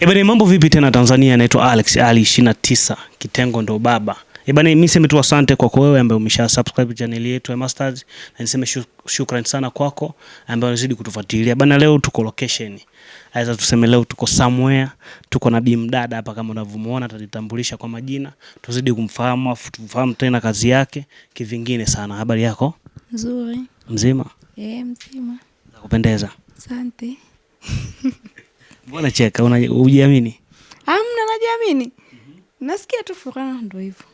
Ebana, eh, mambo vipi tena Tanzania? anaitwa Alex Ali 29 kitengo ndo baba. Ebana, eh, mimi sema tu asante kwako wewe ambaye umesha subscribe channel yetu ya Mastaz, na niseme shukrani sana kwako ambaye unazidi kutufuatilia. Bana, leo tuko location. Aidha tuseme leo tuko somewhere, tuko na bimdada hapa kama unavyomuona, atajitambulisha kwa majina, tuzidi kumfahamu afu tufahamu tena kazi yake kivingine sana. Habari yako? Nzuri. Mzima? Eh, mzima. Nakupendeza. Asante. Mbona cheka? Unajiamini? Hamna, najiamini. Nasikia tu furaha ndio hivyo.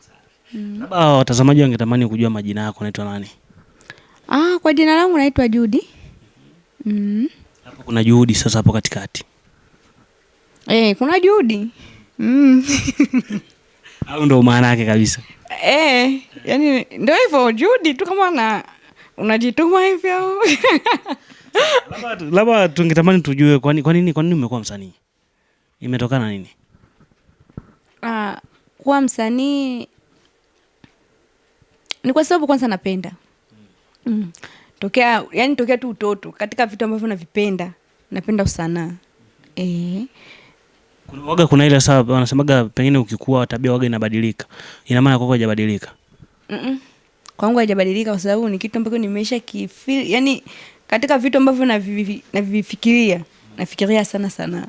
Mm. Labda watazamaji wangetamani kujua majina yako unaitwa nani? Ah, kwa jina langu naitwa Judy. Mm. Hapo kuna Judy sasa hapo katikati. Eh, kuna Judy. Mm. Au ndo maana yake kabisa. Eh, yani ndio hivyo Judy tu kama na unajituma hivyo. Labda tungetamani tujue kwa nini kwa nini umekuwa msanii, imetokana nini? Uh, kuwa msanii ni kwa sababu kwanza napenda mm. Tokea yani tokea tu utoto, katika vitu ambavyo navipenda, napenda usanaa eh. e. Waga kuna ile saa wanasemaga pengine ukikua tabia waga inabadilika, ina maana kwako haijabadilika? mm -mm. Kwangu haijabadilika kwa sababu ni kitu ambacho nimeisha kifeel, yani katika vitu ambavyo navifikiria nafikiria sana sana.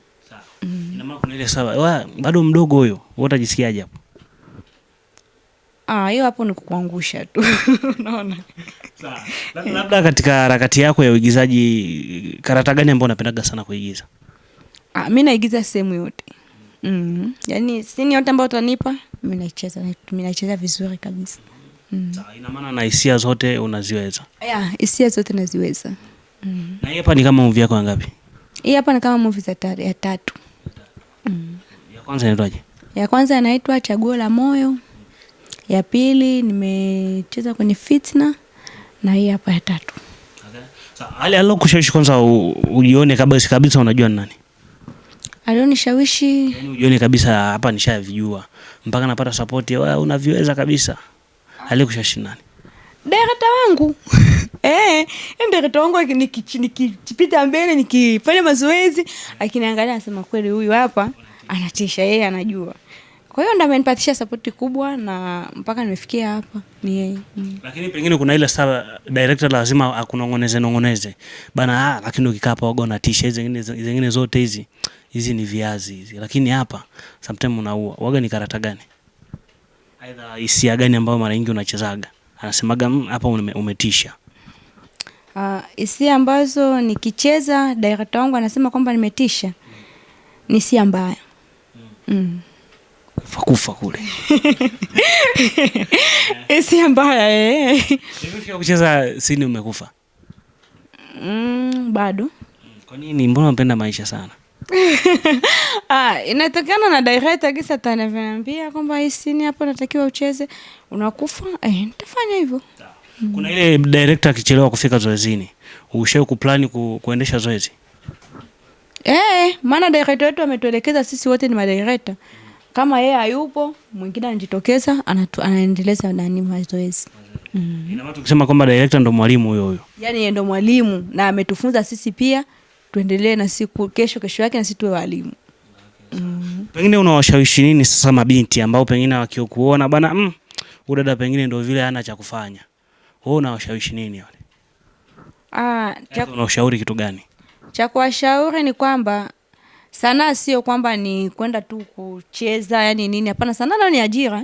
Mm. bado mdogo huyo, utajisikiaje hapo? Ah, hiyo hapo ni kukuangusha tu unaona. Labda katika harakati yako ya uigizaji, karata gani ambayo unapendaga sana kuigiza? Ah, mi naigiza sehemu yote mm. Yaani sini yote ambayo utanipa mi nacheza vizuri kabisa mm. Ina maana na hisia zote unaziweza? Yeah, hisia zote naziweza mm. Na hii hapa ni kama movie yako ngapi? Hii hapa ni kama movie za tatu, ya tatu mm. Ya kwanza inaitwaje? Ya kwanza inaitwa Chaguo la Moyo, ya pili nimecheza kwenye Fitna na hii hapa ya tatu. Okay. Sasa so, alokushawishi kwanza ujione kabisa kabisa unajua nani? Alionishawishi. Yaani ujione kabisa hapa nishavijua mpaka napata support, wewe unaviweza kabisa alikusha shinani dereta wangu eh, dereta wangu nikipita mbele nikifanya mazoezi akiniangalia anasema kweli huyu hapa anatisha, yeye anajua. Kwa hiyo ndo amenipatisha sapoti kubwa na mpaka nimefikia hapa ni yeye mm. Lakini pengine kuna ile saa director lazima akunongoneze nongoneze bana, ah, lakini ukikaa hapa waga unatisha, hizi zingine zote hizi hizi ni viazi hizi, lakini hapa sometimes unaua waga. Ni karata gani? Aidha, hisia gani ambayo mara nyingi unachezaga? Anasemaga mm, hapa umetisha. Ah, hisia uh, ambazo nikicheza director wangu anasema kwamba nimetisha, ni hisia mbaya mm. kufa kufa kule hisia mbaya eh. kucheza sini umekufa? Mm, bado. Kwa nini? Mbona unapenda maisha sana? Ah, inatokana na director kisa ataniambia kwamba hii scene hapo natakiwa ucheze, unakufa eh, nitafanya hivyo. Ah, kuna ile director akichelewa kufika zoezini, ushawahi kuplani ku, kuendesha zoezi? Eh, maana director wetu ametuelekeza sisi wote ni madirekta Kama yeye hayupo, mwingine anajitokeza anaendeleza nani mazoezi. Mm. Ina maana tukisema kwamba director ndo mwalimu huyo huyo. yani ndo mwalimu na ametufunza sisi pia tuendelee na siku kesho kesho yake na sisi tuwe walimu. Mm. Pengine unawashawishi nini sasa mabinti ambao pengine wakikuona bana, mm, udada pengine ndio vile ana cha kufanya, wewe unawashawishi nini wale? Ah, cha unashauri kitu gani? Cha kuwashauri ni kwamba sanaa sio kwamba ni kwenda tu kucheza yani nini, hapana. Sanaa nayo ni ajira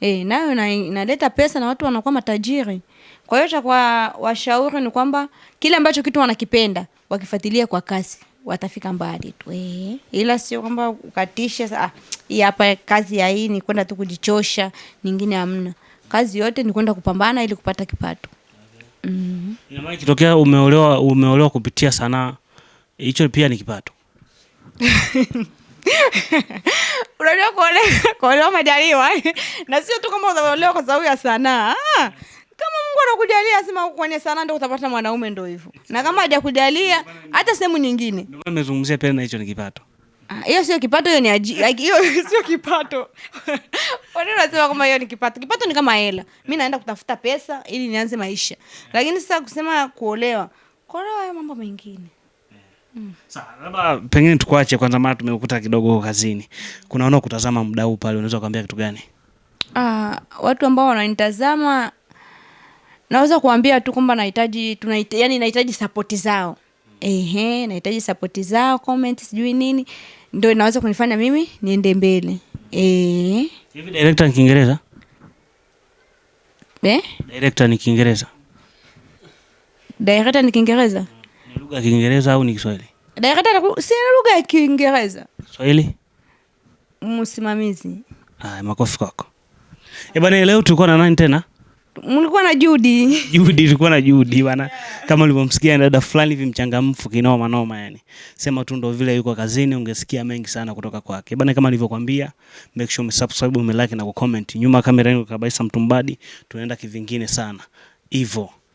eh, nayo inaleta pesa na watu wanakuwa matajiri. Kwa hiyo cha kuwashauri ni kwamba kile ambacho kitu wanakipenda wakifuatilia kwa kasi watafika mbali tu eh. ila sio kwamba ukatisha. Ah, hii hapa kazi ya hii ni kwenda tu kujichosha, nyingine hamna. Kazi yote ni kwenda kupambana ili kupata kipato. Mm -hmm. Ina maana kitokea umeolewa, umeolewa kupitia sanaa, hicho pia ni kipato. Unajua kuolewa, kuolewa majaliwa na sio tu kama unaolewa kwa sababu ya sanaa. Ah, Mungu anakujalia sema kwenye sanaa ndio utapata mwanaume ndio hivyo. Na kama hajakujalia hata sehemu nyingine. Ndio maana nimezungumzia pia na hicho ni kipato. Ah, hiyo sio kipato, hiyo ni ajira. Hiyo sio kipato. Wanaona wanasema kama hiyo ni kipato. Kipato ni kama hela. Mimi naenda kutafuta pesa ili nianze maisha. Lakini sasa kusema kuolewa, kuolewa hayo mambo mengine. Mm. Sasa labda pengine tukuache kwanza, mara tumekuta kidogo kazini. Kunaona kutazama mdau pale, unaweza kuambia kitu gani? Ah, watu ambao wananitazama naweza kuambia tu kwamba nahitaji yani nahitaji sapoti zao ehe, nahitaji sapoti zao, comment sijui nini, ndo inaweza kunifanya mimi niende mbele. Ehe, ni Kiingereza eh? lugha ya Kiingereza au ni Kiswahili? si lugha ya Kiingereza, Kiswahili. Msimamizi. makofi kwako. Eh, leo tulikuwa na nani tena? mlikuwa na judi judi ilikuwa na judi bana. Kama ulivyomsikia dada fulani hivi mchangamfu kinoma noma yani. Sema tu ndo vile yuko kazini ungesikia mengi sana kutoka kwake. Bana kama nilivyokuambia, make sure umesubscribe, umelike na kucomment. Nyuma kamera yangu kabisa mtumbadi tunaenda kivingine sana. Hivyo.